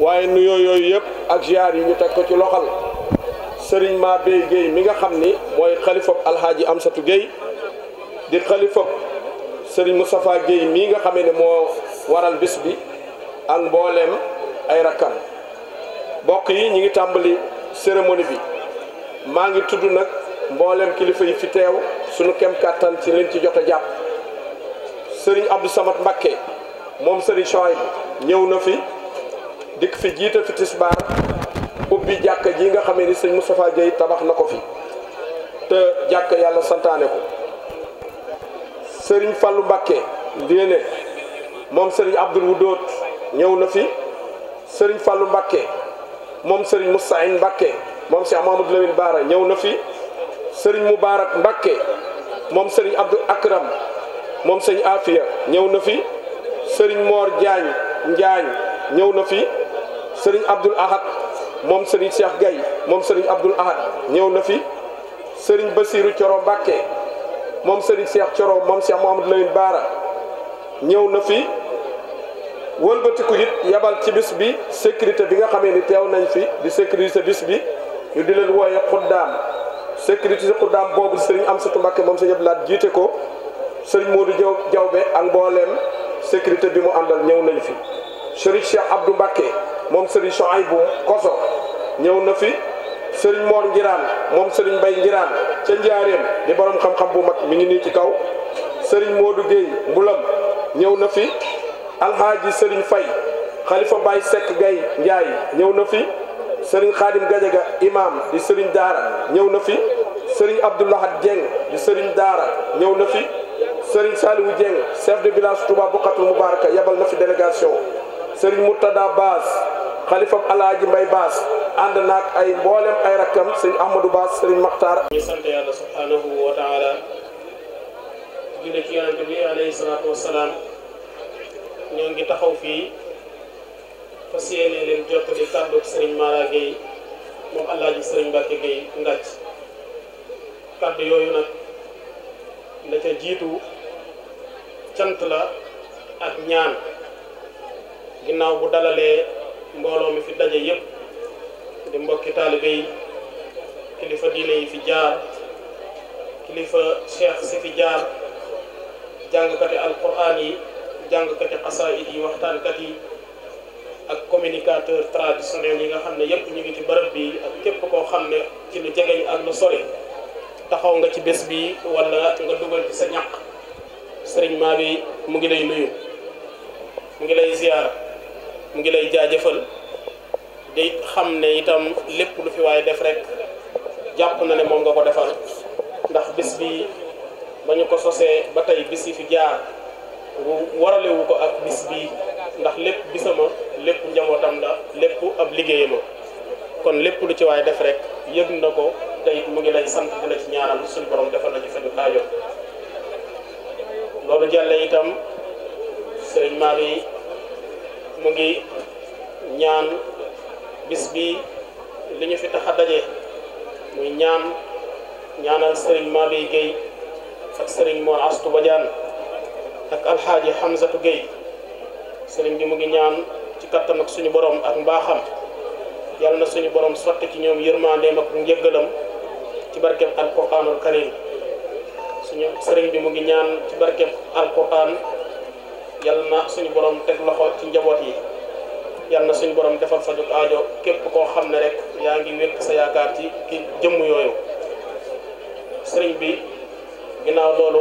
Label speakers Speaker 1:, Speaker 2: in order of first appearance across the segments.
Speaker 1: waaye nuyoo yooyu yëpp ak ziar yi ñu teg ko ci loxal sëriñ Ma Bey mi nga xam ni mooy xalifob alhaaji Amsatu Guèye di xalifob sëriñ Moustapha Guèye mii nga xamee ne moo waral bis bi ak mbooleem ay rakkan mbokk yi ñu ngi tàmbali cérémonie bi maa ngi tudd nag mbooleem kilifa yi fi teew sunu kem kàttan ci liñ ci jot a jàpp sëriñ Abdou Samad Mbakke moom sëriñ Chouaib ñëw na fi dikk fi jiite fi tisbaar ubbi jàkka ji nga xamee ni sëñ Moustapha Dieye tabax na ko fi te jàkka yàlla santaane ko sëriñ Fallou Mbacké ndéene moom sëriñ Abdoul Wudóot ñëw na fi sëriñ Fallou Mbacké moom sëriñ Moustahine Mbacké moom Cheikh Mahamadou Lamine Bara ñëw na fi sëriñ Moubarak Mbacké moom sëriñ Abdou Akram moom sëriñ Afia ñëw na fi sëriñ Mor Diagne Njaañ ñëw na fi Sering Abdul Ahad mom serigne Cheikh gay, mom serigne Abdul Ahad ñew na fi sering basiru Coro Mbàkke mom serigne Cheikh Coro mom Cheikh Mouhamadou Lamine bara ñew na fi wëlbatiku it yabal ci bis bi sécurité bi nga xamé ni tew nañ fi di sécurité bis bi ñu di leen woyé xuddaam sécurité xuddaam boobu sëriñ Amsatu Mbàkke moom sëriñ Abdul Ahad ko serigne Modou Jawbe ak mbooleem sécurité bi mu andal ñew nañ fi sëriñ Cheikh Abdou Mbacke moom sëriñ Souhaïbou Koso ñëw na fi sëriñ Mor Ngiraan moom sëriñ Mbay Ngiraan ca Njaareem di borom xam-xam bu mag mi ngi nii ci kaw sëriñ Modou Guèye Mbulam ñëw na fi di sëriñ Fay xalifa Baye sekk Gaye Ndiaye ñëw na fi sëriñ Xaadim Gajaga imam di sëriñ Daara ñëw na fi sëriñ Abdoulahat Dieng di sëriñ Daara ñëw na fi sëriñ Saliou Dieng chef de village Touba Bokkatul Mubaraka yabal na fi délégation serigne Murtada bass khalifa alaaji Mbay bass and nak ay mbollem ay rakam serigne amadou bass serigne makhtar ni
Speaker 2: sante yalla subhanahu wa taala julli ci yalla bi alayhi salatu wassalam ñoo ngi taxaw fi fasiyene len jott di kàddu serigne Mara gay mo alaaji serigne barke gay ngacc kàddu yoyu nak da ca jitu cant la ak ñaan ginnaaw bu dalalee mbooloo mi fi daje yépp di mbokki taalibe yi kilifa diine yi fi jaar kilifa cheikh si fi jaar jàngkati alquran yi jàngkati xasaayid yi waxtaankat yi ak communicateur traditionnel yi nga xam ne yépp ñu ngi ci bërëb bi ak képp koo xam ne ci lu jegeñ ak lu sori taxaw nga ci bés bi wala nga dugal ci sa ñaq sëriñ maa bi mu ngi lay nuyu mu ngi lay ziar mu ngi lay jëfal di xam ne itam lépp lu fi waaye def rek jàpp na ne moom nga ko defal ndax bis bi ba ñu ko sosee ba tey bis yi fi jaar waralewu ko ak bis bi ndax lépp bisama lépp njabootam la lépp ab liggéeyama kon lépp lu ci waaye def rek yëg na ko te it mu ngi lay sant di la ci ñaanal suñu borom defal la ci faju aajo loolu jàlle itam sëriñ maa ngi mu ngi ñaan bis bi li ñu fi tax a daje muy ñaan ñaanal Serigne Malick Guèye ak Serigne Mor Astou Badiane ak Alxaaji Hamzatu Guèye Serigne bi mu ngi ñaan ci kattan ak suñu borom ak mbaaxam yàlla na suñu borom sotti ci ñoom yërmandeem ak njëggalam ci barkeb alquraanul karim suñu Serigne bi mu ngi ñaan ci barkeb alquraan yal na suñu boroom teg loxo ci njaboot yi yal na suñu borom defal sa ajo képp koo xam ne rek yaa ngi wékk sa yaakaar ci ki jëmm yooyu sëriñ bi ginnaaw loolu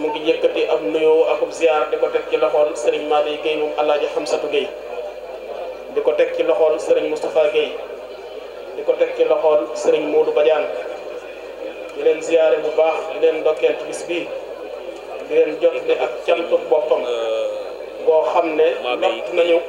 Speaker 2: mu ngi yëkkati ab nuyoo ak ab ziar di ko teg ci loxool sëriñ Madi Guèye moom Alaaji Xamsatu Guèye di ko teg ci loxool sëriñ Moustapha Guèye di ko teg ci loxool sëriñ Modou Badiane di leen ziare bu baax di leen ndokkeel ci bis bii di leen jottali ak cantu boppam euh, boo xam ne lott nañu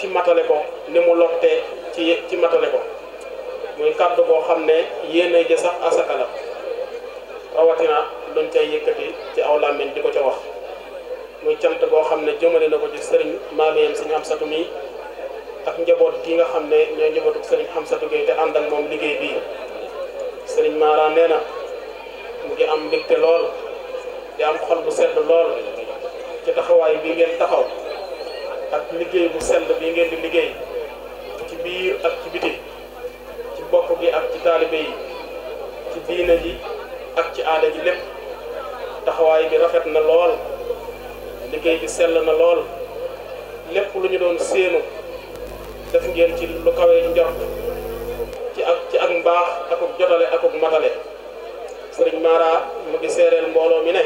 Speaker 2: ci matale ko ni mu te ci ci matale ko muy kàddu boo xam ne yéene ja sax asaka la rawatina luñ cay yëkkati ci aw làmmiñ di ko ca wax muy cant boo xam ne jëmale na ko ci sëriñ maamiyam sëriñ Amsatu mi ak njaboot gi nga xam ne ñooy njabootu sëriñ xam Gueye te ànd ak moom liggéey bii sëriñ Mara nee na mu ngi am mbégte lool di am xol bu sedd lool ci taxawaay bii ngeen taxaw ak liggéey bu sell bii ngeen di liggéey ci biir ak ci biti ci bopp gi ak ci taalibe yi ci diine ji ak ci aada ji lépp taxawaay bi rafet na lool liggéey bi sell na lool lépp lu ñu doon séenu def ngeen ci lu kawee njort ci ak ci ak mbaax akuk jotale akuk matale sëriñ Mara mu ngi seereel mbooloo mi ne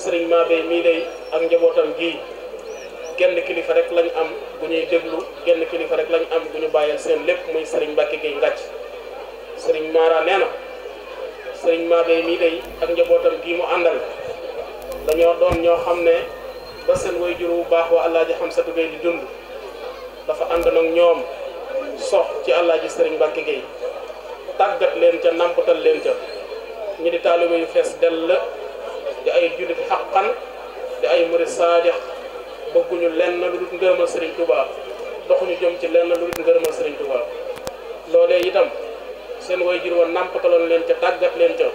Speaker 2: sëriñ Mabey mii day ak njabootam gii genn kilifa rek lañu am bu ñuy déglu genn kilifa rek lañu am bu ñu bàyyil seen lépp muy sëriñ Mbacke Gueye Ngathie sëriñ Mara nee na sëriñ Mabey mii day ak njabootam gii mu àndal dañoo doon ñoo xam ne ba seen waajur wu baax wa Alaaji Xamsatu Gueye di dund dafa ànd nag ñoom sox ci Alaaji sëriñ Mbacke Gueye tàggat leen ca nàmpatal leen ca ñu di taalibe fees dell la di ay jullit xaqan di ay murid saadix bëgguñu lenn lu dul ngërëmal Serigne Touba doxuñu jëm ci lenn lu dul ngërëmal Serigne Touba loolee itam seen waajur wa nàmpataloon leen ca tàggat leen ca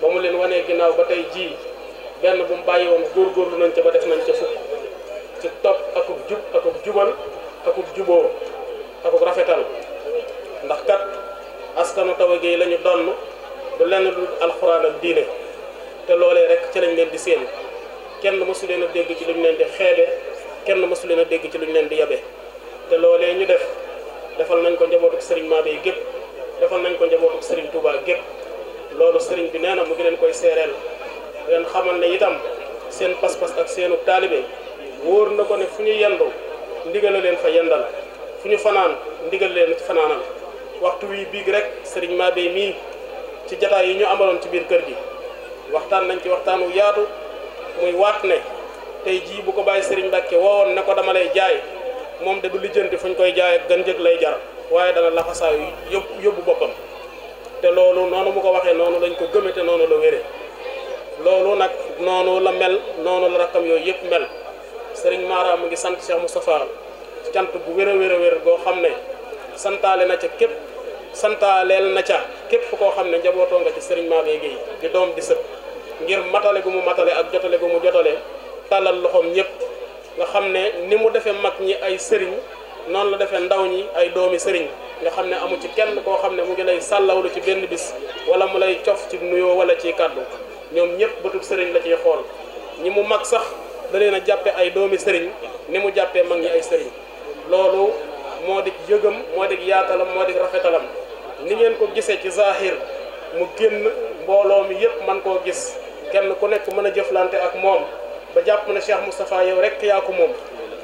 Speaker 2: ba mu leen wanee ginnaaw ba tey jii benn bu mu bàyyi woon góorgóorlu nañ ca ba def nañ ca fukk ci topp akub jub akub jubal akub juboo akub rafetal ndax kat askanu Tawa Gueye la ñu donn du lenn lu alxuraan ak diine te loolee rek ci lañ leen di seen kenn mësu leen a dégg ci luñ leen di xeebe kenn mësu leen a dégg ci luñ leen di yabe te loolee ñu def defal nañ ko njabootuk sëriñ Mabey gépp defal nañ ko njabootuk sëriñ Touba gépp loolu sëriñ bi nee na mu ngi leen koy seereel leen xamal ne itam seen pas-pas ak seenu taalibe wóor na ko ne fu ñu yendu ndigal leen fa yendal fu ñu fanaan ndigal leen ci fanaanal waxtu wi biig rek sëriñ Mabey mii ci jataay yi ñu amaloon ci biir kër gi waxtaan nañ ci waxtaan wu yaatu muy waat ne tey jii bu ko bàyyi Serigne Mbacke woowoon ne ko dama lay jaay moom de du lijjanti fu ñu koy jaay ak gan njëg lay jar waaye dana laxasaayu yóbbu yóbbu boppam te loolu noonu mu ko waxee noonu lañ ko gëme te noonu la wéree loolu nag noonu la mel noonu la rakkam yooyu yëpp mel sëriñ Mara mu ngi sant Cheikh Moustapha cant bu wér a wér a goo xam ne santaale na ca képp santaaleel na ca képp koo xam ne njabootoo nga ci Serigne Mara di doom di ngir matale gu mu matale ak jotale gu mu jotale tàllal loxoom ñëpp nga xam ne ni mu defee mag ñi ay sëriñ noonu la defee ndaw ñi ay doomi sëriñ nga xam ne amul ci kenn koo xam ne mu ngi lay sàllawlu ci benn bis wala mu lay cof ci nuyoo wala ci kàddu ñoom ñëpp bëtub sëriñ la ciy xool ñi mu mag sax da leen a jàppe ay doomi sëriñ ni mu jàppee mag ñi ay sëriñ loolu moo di yëgam moo di yaatalam moo di rafetalam ni ngeen ko gisee ci zahir mu génn mbooloo mi yëpp man koo gis kenn ku nekk mën a jëflante ak moom ba jàpp ne Cheikh Moustapha yow rek yaa ko moom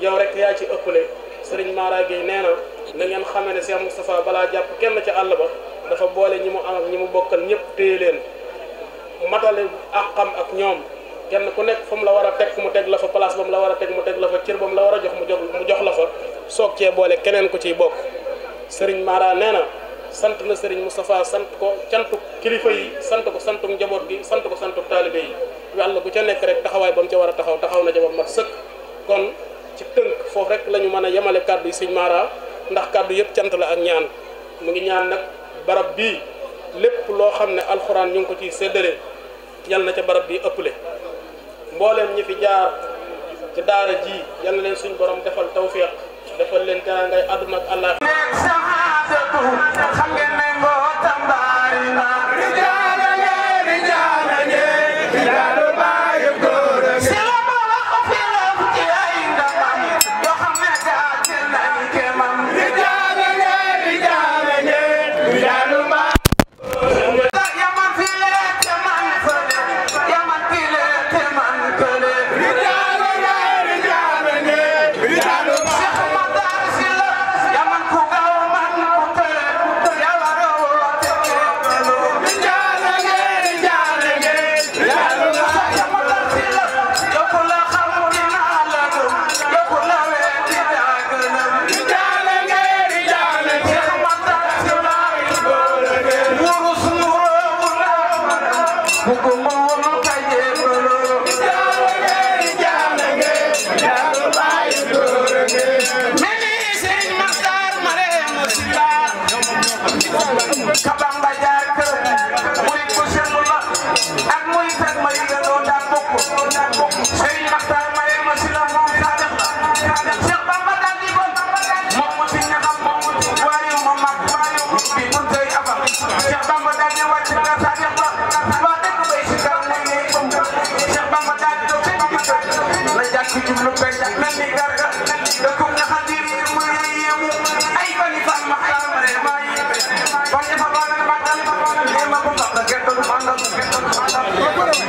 Speaker 2: yow rek yaa ci ëppale sëriñ Mara Gueye nee na na ngeen xamee ne Cheikh Moustapha balaa jàpp kenn ci àll ba dafa boole ñi mu am ñi mu bokkal ñëpp téye leen matale ak xam ak ñoom kenn ku nekk fa mu la war a teg mu teg la fa place ba mu la war a teg mu teg la fa cër ba mu la war a jox mu jox mu jox la fa soog cee boole keneen ko ciy bokk sëriñ Mara nee na. sant na Serigne Moustapha sant ko cantu kilifa yi sant ko santu njaboot gi sant ko santu taalibe yi yàlla bu ca nekk rek taxawaay ba mu ca war a taxaw taxaw na jabar mat sëkk kon ci tënk foofu rek lañu ñu mën a yemale kàddu yi sëñ Mara ndax kàddu yëpp cant la ak ñaan mu ngi ñaan nag barab bii lépp loo xam ne alxuraan ñu ngi ko ci séddale yal na ca barab bii ëpple mbooleem ñi fi jaar ci daara ji yal na leen suñ boroom defal tawfiq defal leen teraangay àdduna ak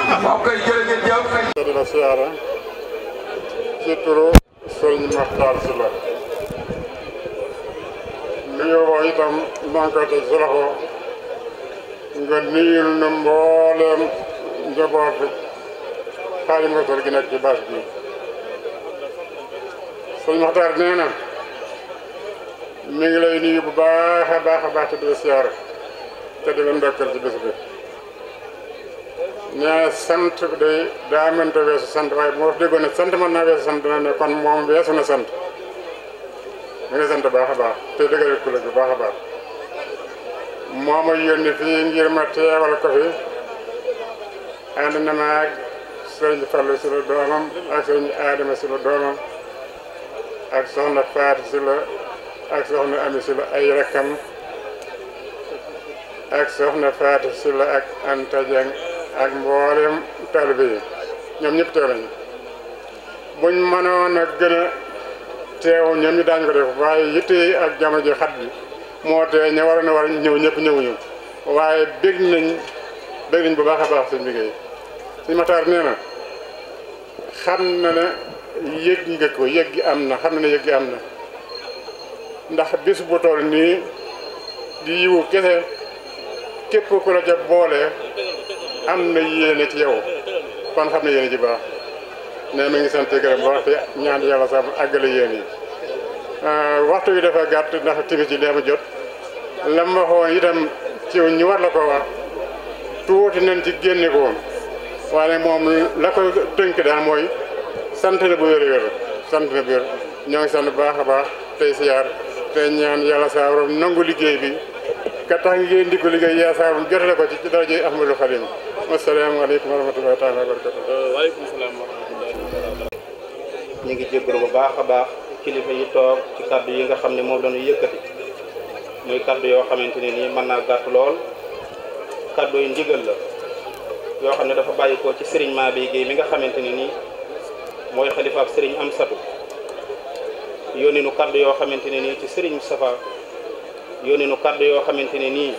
Speaker 1: moo koy jërë ngeen jëf. di la
Speaker 3: siyaare ci turu Serigne Makhtar si la li nga wax itam maa ngi koy teg si loxo nga nuyul na mbooleem njabootu Xaadimu Rasuul gi nekk ci bâche bi Serigne Makhtar nee na mi ngi lay nuyu bu baax a baax a baax te di la siyaare te di la ndokkal ci bés bi. ñaa sant day daa mënta weesu sant waaye bu ma ne sant mën naa weesu sant dana ne kon moom weesu na sant mu ngi sant baax a baax te dëgëral ku la bi baax a baax moo ma yónni fii ngir ma teewal ko fi ànd na ma ak sëriñ Fallu si la doomam ak sëriñ Adama si doomam ak soxna Faat si la ak soxna Ami si la ay rakkam ak soxna Faat si la ak Anta Dieng ak mboolem taalibe yi ñoom ñëpp teew nañu buñ mënoon a gën a teew ñoom ñu daañu ko def waaye yitte ak jamono ji xat moo tee ña waroon a war ñëw ñëpp ñëwuñu waaye bég nañ bég nañ bu baax a baax seen liggéey suñu mataar nee na xam na ne yëg nga ko yëg am na xam na ne yëg gi am na ndax bis bu toll nii di yiwu kese képp ku la ca boole am na yéene ci yow kon xam ne yéene ci baax nee mi ngi sant gërëm wax te ñaan yàlla sax mu àggale yéen yi euh, waxtu wi dafa gàtt ndax timis yi deema jot lam waxoon itam ci ñu war la ko wax tuuti nañ ci génne ko woon waaye moom la ko tënk daal mooy sant na bu wér-wér sant na bu wér ñoo ngi sant baax a baax tey siyaar tey ñaan yàlla saa borom nangu liggéey bi ka tax ngeen di ko liggéey yaa saa borom jotale ko ci ci daraja Ahmadul Xadim asalaamaaleykum wa rahmatullahi taala wa barakatuh. waaleykum salaam
Speaker 2: wa
Speaker 4: ngi jégalu bu baax a baax kilifa yi toog ci kaddu yi nga xam ne moom la ñu yëkkati muy kaddu yoo xamante ne nii mën naa gàtt lool kaddu yu ndigal la yoo xam ne dafa bàyyi ko ci Serigne Mabeye géey mi nga xamante ne nii mooy xalifaab Serigne Amsatou yónni nu kaddu yoo xamante ne nii ci Serigne Moustapha yónni nu kaddu yoo xamante ne nii.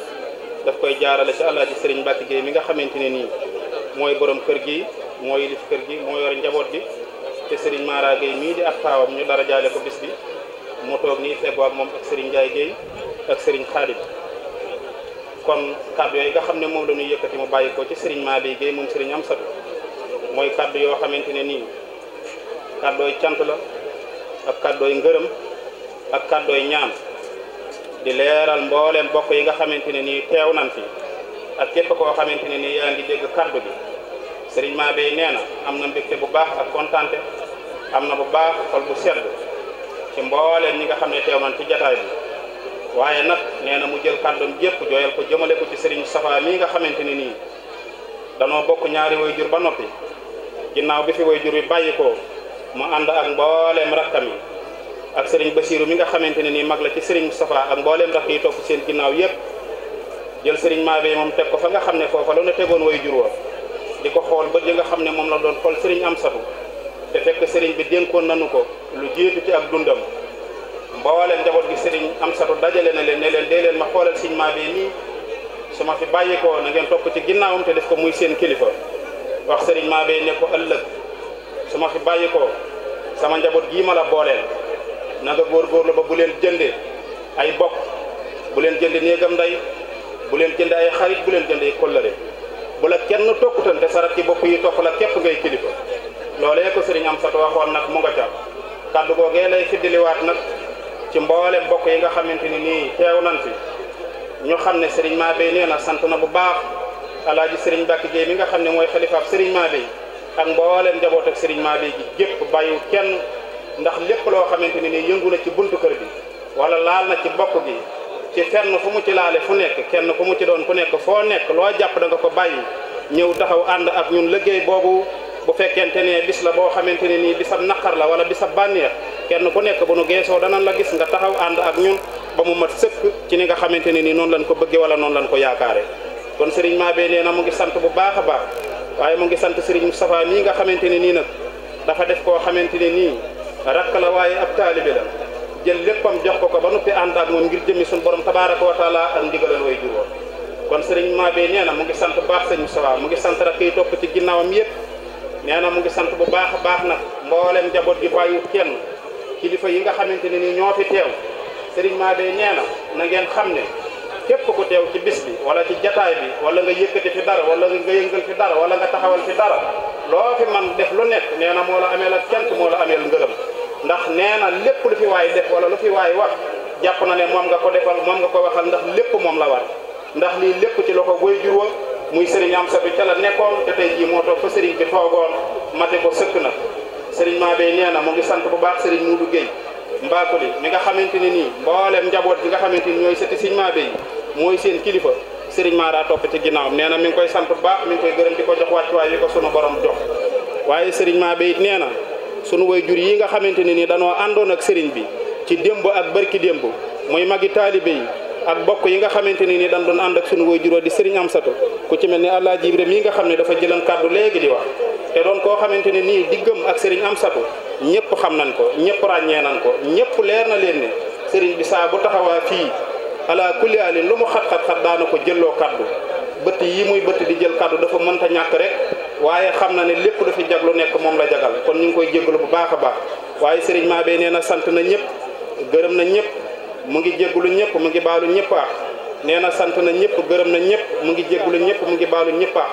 Speaker 4: daf koy jaarale ci àllaaji sëriñ Mbàkke Géey mi nga xamante ne nii mooy borom kër gi mooy yilif kër gi moo yor njaboot gi te sëriñ Mara Géey mii di ak taawam ñu dara jaale ko bis bi mu toog nii feggoo ak moom ak sëriñ Njaay Géey ak sëriñ Xaadim kon kàddu yooyu nga xam ne moom la ñuy yëkkati mu bàyyi ko ci sëriñ Mabé Géey moom sëriñ Amsatu mooy kàddu yoo xamante ne nii kàddooy cant la ak kàddooy ngërëm ak kàddooy ñaan di leeral mbooleem bokk yi nga xamante ne nii teew nan fi ak képp koo xamante ne yaa ngi dégg kaddu bi sëriñ maa bay nee na am na mbégte bu baax ak kontante am na bu baax xol bu sedd ci mbooleem ñi nga xam ne teew nan ci jataay bi waaye nag nee na mu jël kàddoom jépp jooyal ko jëmale ko ci sëriñ Safa mii nga xamante ne nii danoo bokk ñaari way jur ba noppi ginnaaw bi fi way jur bi bàyyi ko mu ànd ak mbooleem rakkam yi ak serigne bassirou mi nga xamante ni mag la ci serigne mustapha ak mbollem rakk yi top seen ginnaaw yeb jël serigne mabey mom tek ko fa nga xamne fofu la na tegon way juro diko xol ba li nga xam ne la doon xol serigne am Amsatu te fekk serigne bi dénkoon nanu ko lu jiitu ci ak dundam mbollem jabot gi serigne am Amsatu dajale na len ne len de len ma xolal serigne mabey ni sama fi baye ko na ngeen top ci ginnaawam te def ko muy seen kilifa wax serigne mabey ne ko ëlëk sama fi baye ko sama njabot gi ma la booleel na nga góorgóorlu ba bu leen jënde ay bokk bu leen jënde néegam nday bu leen jënde ay xarit bu leen jënde ay kollëre bu kenn tokkutan te sarat ci bopp yi topp la képp ngay kilifa loolee ko sëriñ am sat waxoon nag mu nga ca kàddu googee lay fiddiliwaat nag ci mboole bokk yi nga xamante ni nii teew nan ñu xam ne sëriñ Mabéye nee na sant na bu baax alaaji sëriñ Mbàkke Jéey nga xam ne mooy xalifaab sëriñ Mabéye ak mboolem njaboot ak sëriñ Mabéye ndax lépp loo xamante ne nii yëngu na ci buntu kër gi wala laal na ci bokk gi ci fenn fu mu ci laale fu nekk kenn ku mu ci doon ku nekk foo nekk loo jàpp da nga ko bàyyi ñëw taxaw ànd ak ñun liggéey boobu bu fekkente ne bis la boo xamante ne nii bisab naqar la wala bisab bànneex kenn ku nekk bu nu geesoo danañ la gis nga taxaw ànd ak ñun ba mu mat sëkk ci ni nga xamante ne nii noonu lañ ko bëggee wala noonu lañ ko yaakaare kon Serigne Mabé nee na mu ngi sant bu baax a baax waaye mu ngi sant Serigne Moustapha mii nga xamante ne nii nag dafa def koo xamante ne nii rakk la waaye ab taalibe la jël léppam jox ko ko ba noppi ànd ak moom ngir jëmmi suñu borom tabaaraka wa taala ak ndigalal way kon sëriñ maa nee na mu ngi sant baax sëñ Moussa mu ngi sant rakk yi topp ci ginnaawam yëpp nee na mu ngi sant bu baax a baax nag mboolem njaboot gi bàyyi kenn kilifa yi nga xamante ne nii ñoo fi teew sëriñ Mabé nee na na ngeen xam ne képp ku teew ci bis bi wala ci jataay bi wala nga yëkkati fi dara wala nga yëngal fi dara wala nga taxawal fi dara loo fi man def lu nekk nee na moo la ameel ak cant moo la ameel ngërëm ndax nee na lépp lu fi waay def wala lu fi waay wax jàpp na ne moom nga ko defal moom nga ko waxal ndax lépp moom la war ndax lii lépp ci loxo way jur wa muy sëriñ Amsa bi ca la nekkoon te tey jii moo toog fa sëriñ bi toogoon mate ko sëkk na sëriñ Mabey nee na mu ngi sant bu baax sëriñ Muudu Géey Mbakuli mi nga xamante ne nii mboolem njaboot bi nga xamante ni ñooy sëti sëriñ Mabey mooy seen kilifa sëriñ Mara topp ci ginnaawam nee na mi ngi koy sant bu baax mi koy gërëm di ko jox wàccuwaay yi ko sunu borom jox waaye sëriñ Mabey nee na sunu wayjur yi nga xamante ne nii danoo àndoon ak sëriñ bi ci démb ak bërki démb mooy magi taalibe yi ak bokk yi nga xamante ne ni dañ doon ànd ak sunu wayjuroo di sëriñ Amsatu ku ci mel ni Alla Jibre mii nga xam ne dafa jëlan kàddu léegi di wax te doon koo xamante ne nii diggam ak sëriñ am Amsatu ñëpp xam nañ ko ñëpp ràññee nañ ko ñëpp leer na leen ni sëriñ bi saa bu taxawaa fii ala kulli lu mu xat-xat-xat daana ko jëloo kaddu bëtt yi muy bëtt di jël kàddu dafa mënta ñàkk rek waaye xam na ne lépp lu fi jag nekk moom la jagal kon ñu ngi koy jégalu bu baax a baax waaye sëriñ Mabé nee na sant na ñëpp gërëm na ñëpp mu ngi jégalu ñëpp mu ngi baalu ñëpp ah nee na sant na ñëpp gërëm na ñëpp mu ngi jégalu ñëpp mu ngi baalu ñëpp ah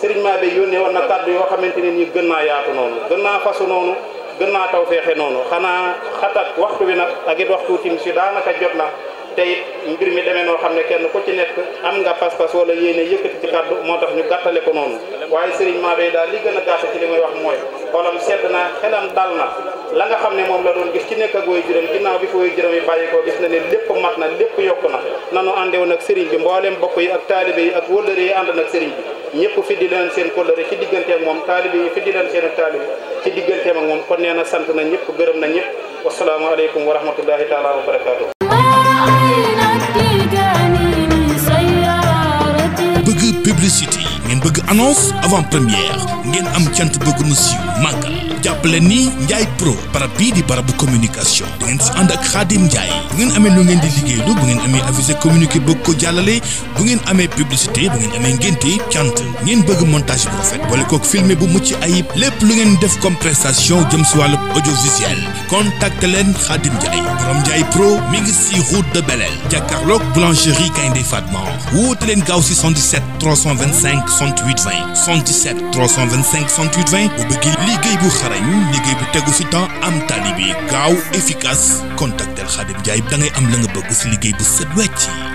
Speaker 4: sëriñ Mabé yónnee woon na kàddu yoo xamante ne nii gën naa yaatu noonu gën naa fasu noonu gën naa taw feexe noonu xanaa xatat waxtu bi nag ak it waxtu timis yi daanaka jot na te it mbir mi demee noo xam ne kenn ku ci nekk am nga pas-pas wala yéene yëkkati ci kàddu moo tax ñu gàttale ko noonu waaye Serigne Mabeye daal li gën a gàtt ci li muy wax mooy xolam sedd na xelam dal na la nga xam ne moom la doon gis ci nekk ak woy juróom ginnaaw bi fi woy juróom yi bàyyi ko gis na ne lépp mat na lépp yokk na nanu àndewoon ak Serigne bi mboolem bokk yi ak taalibe yi ak wëllëre yi ànd ak Serigne bi ñëpp fi di leen seen kóllëre ci diggante moom taalibe yi fi seen taalibe ci moom kon nee na sant na ñëpp gërëm na ñëpp wasalaamaaleykum wa rahmatullahi taala wa barakaatu annonce avant première ngeen am cant bëgg mu siiw màggal jàpp leen ni Ndiaye Pro barab bii di barabu communication da ngeen si ànd ak Khadim Ndiaye bu ngeen amee lu ngeen di liggéeylu bu ngeen amee avisé communiqué bëgg ko jàllale bu ngeen amee publicité bu ngeen amee ngénte cant ngeen bëgg montage bu rafet boole kook filmé bu mucc ayib lépp lu ngeen def comme prestation jëm si wàllu audiovisuel contacte leen Khadim Ndiaye borom Ndiaye Pro mi ngi si route de Belel jàkkaarloog boulangerie Gaynde Fatma wóote leen xarañ liggéey bu tegu si temps am tali bi gaaw efficace contactel Khadim Ndiaye da ngay am la nga bëgg si liggéey bu set wecc